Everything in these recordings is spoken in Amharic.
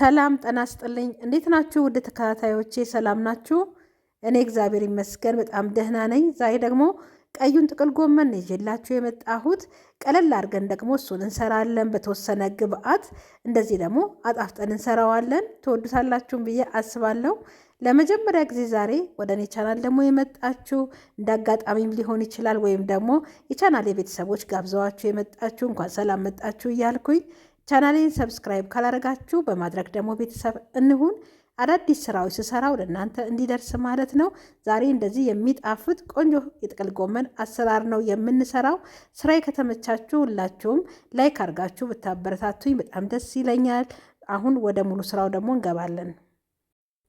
ሰላም ጠና ስጥልኝ እንዴት ናችሁ ውድ ተከታታዮቼ? ሰላም ናችሁ? እኔ እግዚአብሔር ይመስገን በጣም ደህና ነኝ። ዛሬ ደግሞ ቀዩን ጥቅል ጎመን ይዤላችሁ የመጣሁት ቀለል አድርገን ደግሞ እሱን እንሰራለን በተወሰነ ግብአት፣ እንደዚህ ደግሞ አጣፍጠን እንሰራዋለን። ትወዱታላችሁም ብዬ አስባለሁ። ለመጀመሪያ ጊዜ ዛሬ ወደ እኔ ቻናል ደግሞ የመጣችሁ እንደ አጋጣሚም ሊሆን ይችላል፣ ወይም ደግሞ የቻናል የቤተሰቦች ጋብዘዋችሁ የመጣችሁ እንኳን ሰላም መጣችሁ እያልኩኝ ቻናሌን ሰብስክራይብ ካላደረጋችሁ በማድረግ ደግሞ ቤተሰብ እንሁን። አዳዲስ ስራዎች ስሰራ ወደ እናንተ እንዲደርስ ማለት ነው። ዛሬ እንደዚህ የሚጣፍጥ ቆንጆ የጥቅል ጎመን አሰራር ነው የምንሰራው። ስራዬ ከተመቻችሁ ሁላችሁም ላይክ አድርጋችሁ ብታበረታቱኝ በጣም ደስ ይለኛል። አሁን ወደ ሙሉ ስራው ደግሞ እንገባለን።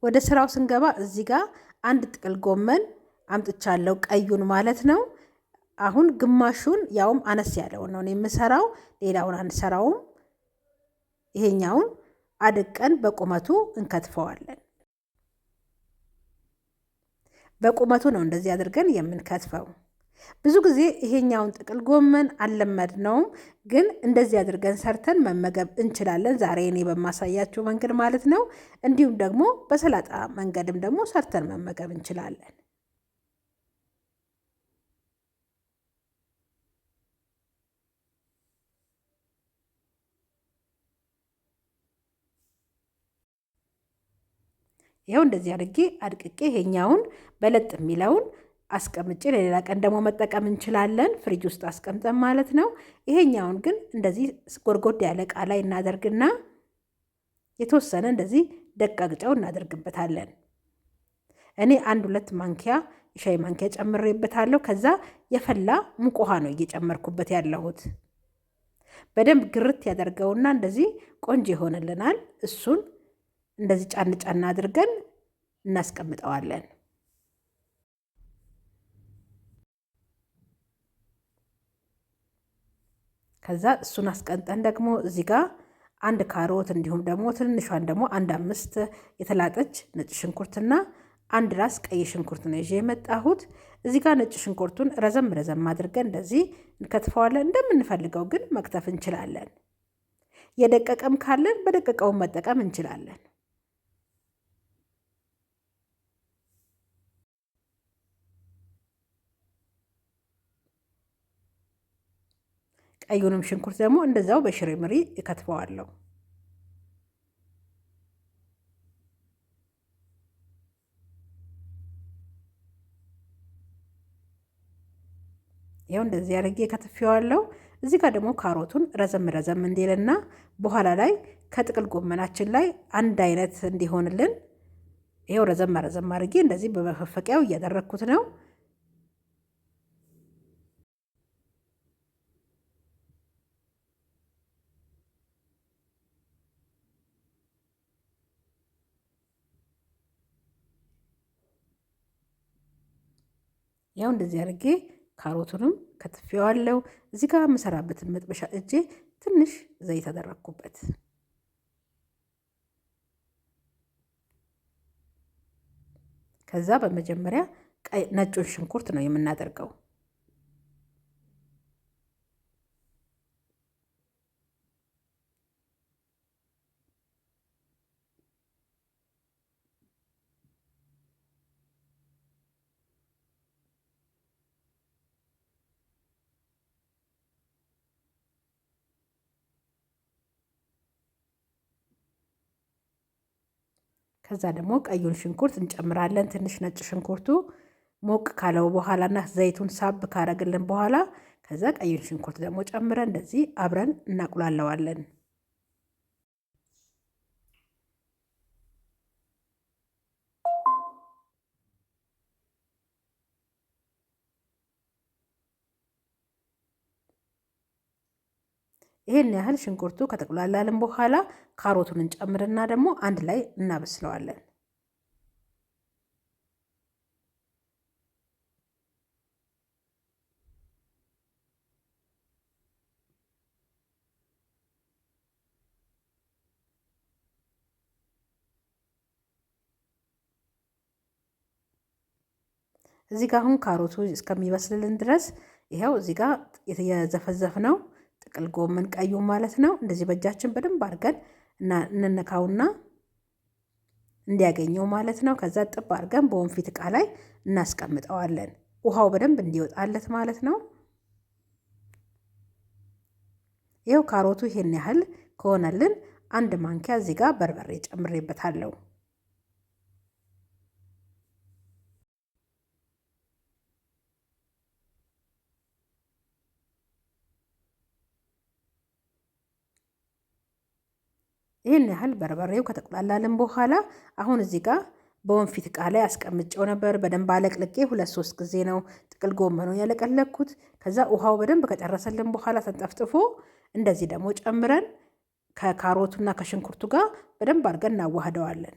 ወደ ስራው ስንገባ እዚህ ጋር አንድ ጥቅል ጎመን አምጥቻለሁ፣ ቀዩን ማለት ነው። አሁን ግማሹን ያውም አነስ ያለውን ነው የምሰራው፣ ሌላውን አንሰራውም። ይሄኛውን አድቀን በቁመቱ እንከትፈዋለን። በቁመቱ ነው እንደዚህ አድርገን የምንከትፈው። ብዙ ጊዜ ይሄኛውን ጥቅል ጎመን አልለመድነውም፣ ግን እንደዚህ አድርገን ሰርተን መመገብ እንችላለን። ዛሬ እኔ በማሳያችሁ መንገድ ማለት ነው። እንዲሁም ደግሞ በሰላጣ መንገድም ደግሞ ሰርተን መመገብ እንችላለን። ይኸው እንደዚህ አድርጌ አድቅቄ ይሄኛውን በለጥ የሚለውን አስቀምጬ ለሌላ ቀን ደግሞ መጠቀም እንችላለን፣ ፍሪጅ ውስጥ አስቀምጠን ማለት ነው። ይሄኛውን ግን እንደዚህ ጎርጎድ ያለ ዕቃ ላይ እናደርግና የተወሰነ እንደዚህ ደቃቅ ጨው እናደርግበታለን። እኔ አንድ ሁለት ማንኪያ የሻይ ማንኪያ ጨምሬበታለሁ። ከዛ የፈላ ሙቅ ውሃ ነው እየጨመርኩበት ያለሁት። በደንብ ግርት ያደርገውና እንደዚህ ቆንጆ ይሆንልናል። እሱን እንደዚህ ጫን ጫን አድርገን እናስቀምጠዋለን። ከዛ እሱን አስቀምጠን ደግሞ እዚህ ጋር አንድ ካሮት እንዲሁም ደግሞ ትንሿን ደግሞ አንድ አምስት የተላጠች ነጭ ሽንኩርትና አንድ ራስ ቀይ ሽንኩርት ነው ይዤ የመጣሁት። እዚህ ጋር ነጭ ሽንኩርቱን ረዘም ረዘም አድርገን እንደዚህ እንከትፈዋለን። እንደምንፈልገው ግን መክተፍ እንችላለን። የደቀቀም ካለን በደቀቀውን መጠቀም እንችላለን። ቀዩንም ሽንኩርት ደግሞ እንደዛው በሽሪ ምሪ እከትፈዋለሁ። ያው እንደዚህ አድርጌ ከትፌዋለሁ። እዚህ ጋር ደግሞ ካሮቱን ረዘም ረዘም እንዲልና በኋላ ላይ ከጥቅል ጎመናችን ላይ አንድ አይነት እንዲሆንልን ይኸው ረዘም ረዘም አድርጌ እንደዚህ በመፈፈቂያው እያደረግኩት ነው። ያው እንደዚህ አድርጌ ካሮቱንም ከትፌዋለሁ። እዚህ ጋር የምሰራበትን መጥበሻ እጄ ትንሽ ዘይት አደረግኩበት። ከዛ በመጀመሪያ ነጩን ሽንኩርት ነው የምናደርገው። ከዛ ደግሞ ቀዩን ሽንኩርት እንጨምራለን። ትንሽ ነጭ ሽንኩርቱ ሞቅ ካለው በኋላና ዘይቱን ሳብ ካረግልን በኋላ ከዛ ቀዩን ሽንኩርት ደግሞ ጨምረን እንደዚህ አብረን እናቁላለዋለን። ይሄን ያህል ሽንኩርቱ ከተቁላላልን በኋላ ካሮቱን እንጨምርና ደግሞ አንድ ላይ እናበስለዋለን። እዚህ ጋር አሁን ካሮቱ እስከሚበስልልን ድረስ ይኸው እዚህ ጋር የዘፈዘፍ ነው ጥቅል ጎመን ቀዩ ማለት ነው። እንደዚህ በእጃችን በደንብ አድርገን እንነካውና እንዲያገኘው ማለት ነው። ከዛ ጥብ አድርገን በወንፊት እቃ ላይ እናስቀምጠዋለን። ውሃው በደንብ እንዲወጣለት ማለት ነው። ይኸው ካሮቱ ይሄን ያህል ከሆነልን አንድ ማንኪያ እዚህ ጋር በርበሬ ጨምሬበታለሁ። ይህን ያህል በርበሬው ከተቁላላልን በኋላ አሁን እዚህ ጋር በወንፊት እቃ ላይ አስቀምጨው ነበር። በደንብ አለቅልቄ ሁለት ሶስት ጊዜ ነው ጥቅል ጎመኑ ያለቀለኩት። ከዛ ውሃው በደንብ ከጨረሰልን በኋላ ተንጠፍጥፎ እንደዚህ ደግሞ ጨምረን ከካሮቱና ከሽንኩርቱ ጋር በደንብ አድርገን እናዋህደዋለን።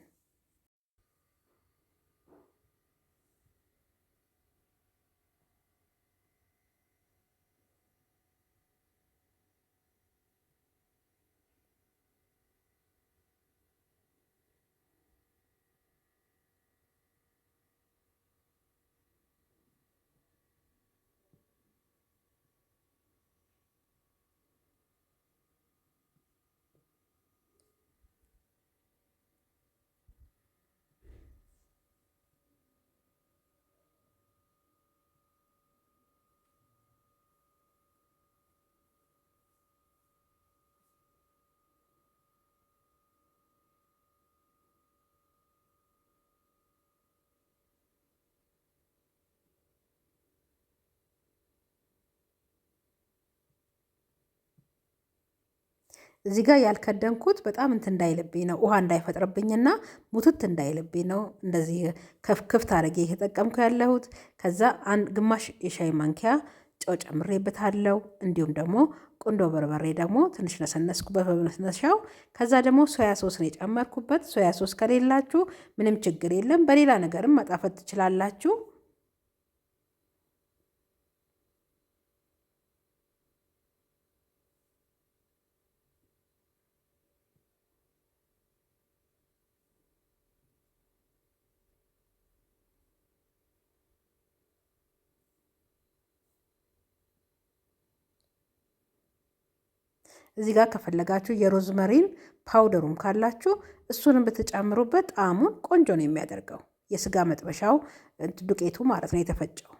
እዚህ ጋር ያልከደንኩት በጣም እንትን እንዳይልብኝ ነው፣ ውሃ እንዳይፈጥርብኝና ሙትት እንዳይልብኝ ነው። እንደዚህ ክፍት አድርጌ የተጠቀምኩ ያለሁት። ከዛ ግማሽ የሻይ ማንኪያ ጨው ጨምሬበታለሁ። እንዲሁም ደግሞ ቁንዶ በርበሬ ደግሞ ትንሽ ነሰነስኩበት በመነስነሻው። ከዛ ደግሞ ሶያ ሶስ ነው የጨመርኩበት። ሶያ ሶስ ከሌላችሁ ምንም ችግር የለም፣ በሌላ ነገርም ማጣፈጥ ትችላላችሁ። እዚህ ጋር ከፈለጋችሁ የሮዝመሪን ፓውደሩም ካላችሁ እሱንም ብትጨምሩበት ጣዕሙን ቆንጆ ነው የሚያደርገው። የስጋ መጥበሻው ዱቄቱ ማለት ነው የተፈጨው።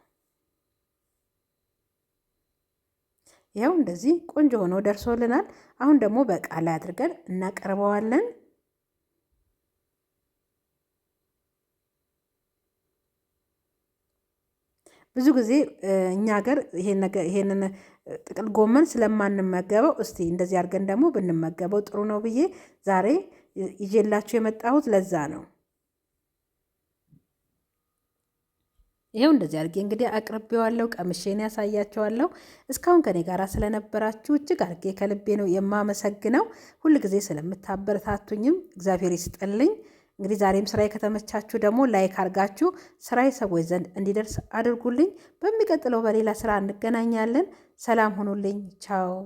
ይኸው እንደዚህ ቆንጆ ሆኖ ደርሶልናል። አሁን ደግሞ በቃ ላይ አድርገን እናቀርበዋለን። ብዙ ጊዜ እኛ ሀገር ይሄንን ጥቅል ጎመን ስለማንመገበው እስቲ እንደዚህ አድርገን ደግሞ ብንመገበው ጥሩ ነው ብዬ ዛሬ ይዤላችሁ የመጣሁት ለዛ ነው። ይሄው እንደዚህ አድርጌ እንግዲህ አቅርቤዋለሁ። ቀምሼን ያሳያቸዋለሁ። እስካሁን ከኔ ጋር ስለነበራችሁ እጅግ አድርጌ ከልቤ ነው የማመሰግነው። ጊዜ ስለምታበረታቱኝም እግዚአብሔር ይስጠልኝ። እንግዲህ ዛሬም ስራዬ ከተመቻችሁ ደግሞ ላይክ አድርጋችሁ ስራዬ ሰዎች ዘንድ እንዲደርስ አድርጉልኝ። በሚቀጥለው በሌላ ስራ እንገናኛለን። ሰላም ሁኑልኝ። ቻው